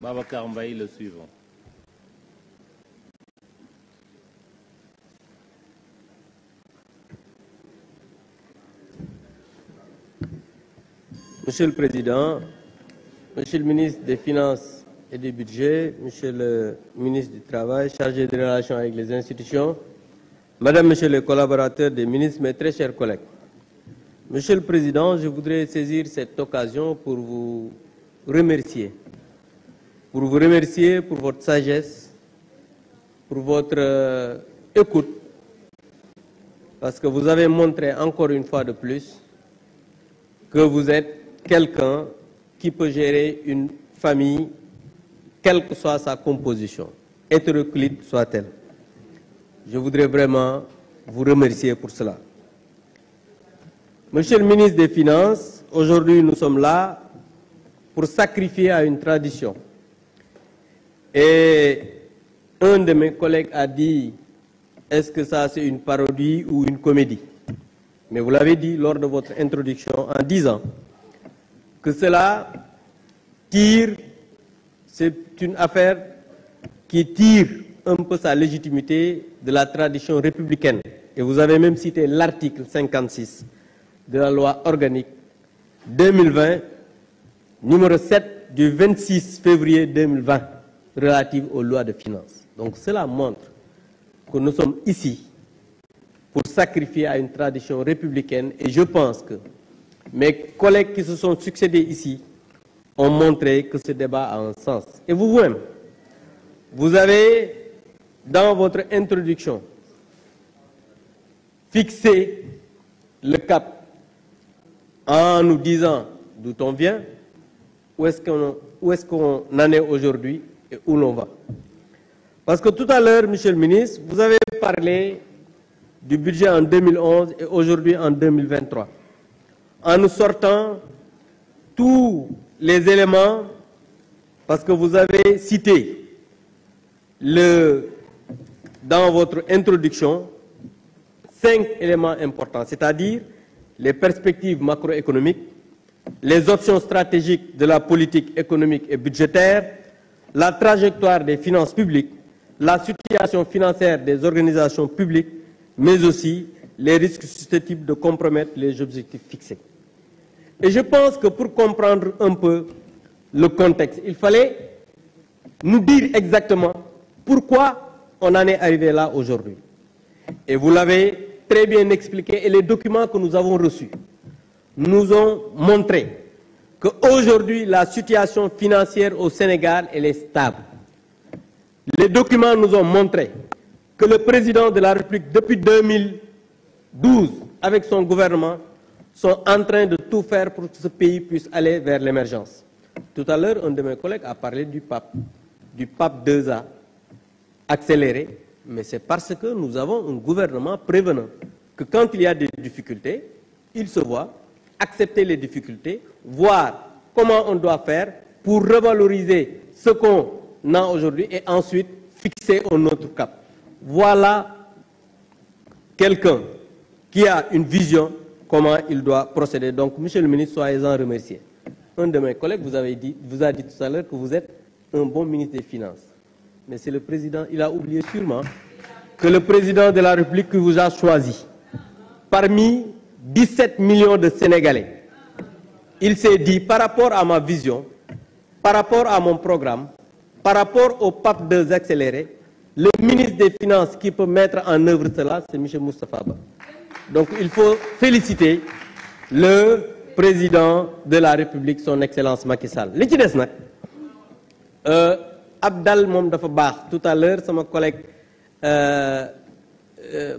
Monsieur le Président, Monsieur le ministre des Finances et des Budgets, Monsieur le ministre du Travail, chargé des relations avec les institutions, Madame, Monsieur les collaborateurs des ministres, mes très chers collègues. Monsieur le Président, je voudrais saisir cette occasion pour vous remercier pour vous remercier pour votre sagesse, pour votre euh, écoute, parce que vous avez montré encore une fois de plus que vous êtes quelqu'un qui peut gérer une famille, quelle que soit sa composition, hétéroclite soit-elle. Je voudrais vraiment vous remercier pour cela. Monsieur le ministre des Finances, aujourd'hui nous sommes là pour sacrifier à une tradition. Et un de mes collègues a dit, est-ce que ça c'est une parodie ou une comédie Mais vous l'avez dit lors de votre introduction en disant que cela tire, c'est une affaire qui tire un peu sa légitimité de la tradition républicaine. Et vous avez même cité l'article 56 de la loi organique 2020, numéro 7 du 26 février 2020 relative aux lois de finances. Donc cela montre que nous sommes ici pour sacrifier à une tradition républicaine et je pense que mes collègues qui se sont succédés ici ont montré que ce débat a un sens. Et vous-même, vous avez, dans votre introduction, fixé le cap en nous disant d'où on vient, où est-ce qu'on en est aujourd'hui et où l'on va. Parce que tout à l'heure, Monsieur le ministre, vous avez parlé du budget en 2011 et aujourd'hui en 2023, en nous sortant tous les éléments, parce que vous avez cité le, dans votre introduction cinq éléments importants, c'est-à-dire les perspectives macroéconomiques, les options stratégiques de la politique économique et budgétaire, la trajectoire des finances publiques, la situation financière des organisations publiques, mais aussi les risques susceptibles de compromettre les objectifs fixés. Et je pense que pour comprendre un peu le contexte, il fallait nous dire exactement pourquoi on en est arrivé là aujourd'hui. Et vous l'avez très bien expliqué et les documents que nous avons reçus nous ont montré qu'aujourd'hui, la situation financière au Sénégal, elle est stable. Les documents nous ont montré que le président de la République, depuis 2012, avec son gouvernement, sont en train de tout faire pour que ce pays puisse aller vers l'émergence. Tout à l'heure, un de mes collègues a parlé du pape, du pape 2A accéléré, mais c'est parce que nous avons un gouvernement prévenant que quand il y a des difficultés, il se voit accepter les difficultés, voir comment on doit faire pour revaloriser ce qu'on a aujourd'hui et ensuite fixer un autre cap. Voilà quelqu'un qui a une vision, comment il doit procéder. Donc, Monsieur le ministre, soyez-en remercié. Un de mes collègues vous, avez dit, vous a dit tout à l'heure que vous êtes un bon ministre des Finances. Mais c'est le président, il a oublié sûrement que le président de la République vous a choisi parmi 17 millions de Sénégalais. Il s'est dit, par rapport à ma vision, par rapport à mon programme, par rapport au pacte de accéléré, le ministre des Finances qui peut mettre en œuvre cela, c'est M. Moustapha Donc il faut féliciter le président de la République, son Excellence Macky Sall. Euh, Abdal tout à l'heure c'est mon collègue euh, euh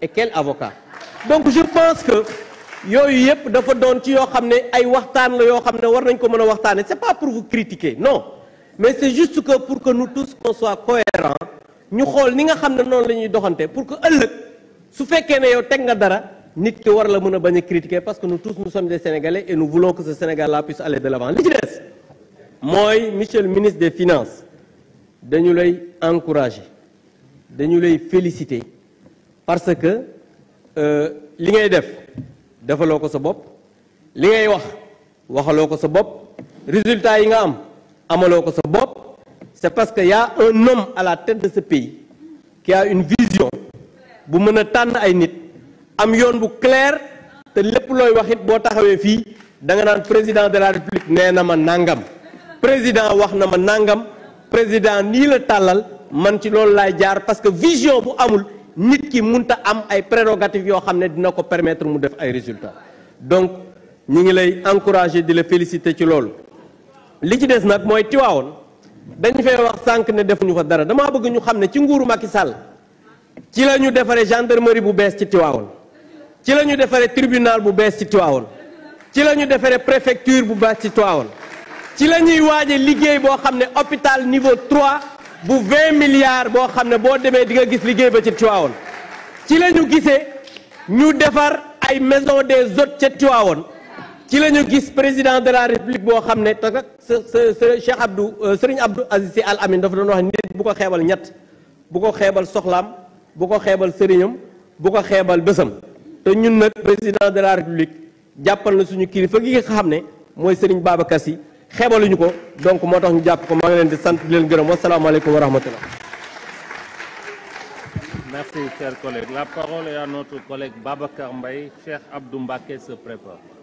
et quel avocat donc je pense que yooyu yëpp dafa don ci yo xamné ay waxtaan la yo xamné war nañ ko mën a c'est pas pour vous critiquer non mais c'est juste que pour que nous tous qu'on soit cohérents ñu xol ni nga xamné non lañuy doxanté pour que ëllëg su fekkee né yow ték nga dara nit ki war la mën a bañ critiquer parce que nous tous nous sommes des Sénégalais et nous voulons que ce Sénégal-là puisse aller de l'avant li ci dess moy monsieur le ministre des finances dañu lay encourager dañu lay féliciter parce que euh, li ngay def defaloo sa bop li ngay wax waxaloko sa bop résultat yi nga am amaloko sa bop c'est parce que y a un homme à la tête de ce pays qui a une vision bu meuna tan ay nit am yoon bu clair te lepp loy waxit bo taxawé fi da nga nan président de la république néna ma nangam président wax na ma nangam président ni la talal, man ci loolu lay jaar parce que vision bu amul nit ki munta am ay prérogatives yo xamné dina permettre mu def ay résultats donc nous ngi lay encourager di la féliciter ci lool li ci des nak que dañ fay wax sank ne defuñu fa dara dama bëgg ñu xamné ci nguuru Macky ci la gendarmerie bu ci ci tribunal bu ci ci préfecture bu ci ci lañuy niveau 3 bu 20 milliards boo xam ne boo demee di nga gis liggéey ba ci Tivaouane ci la ñu gisee ñu defar ay maison des hôtes ca Tivaouane ci la ñu gis président de la république boo xam ne te nag Cheikh Abdou euh, Serigne Abdou Aziz Sy Al amin dafa doon wax nit bu ko xeebal ñett bu ko xeebal soxlaam bu ko xeebal sëriñam bu ko xeebal bésam te ñun nag président de la république jàppal na suñu kilifa gi nga xam ne mooy Serigne Babacar yi xeebaluñu ko donc motax ñu japp ko ma ngi leen di sant di leen gërëm wasalaamaaleykum wa rahmatullah Merci, cher collègue La parole est à notre collègue Babacar Mbaye. cheikh Abdou mbake se prépare.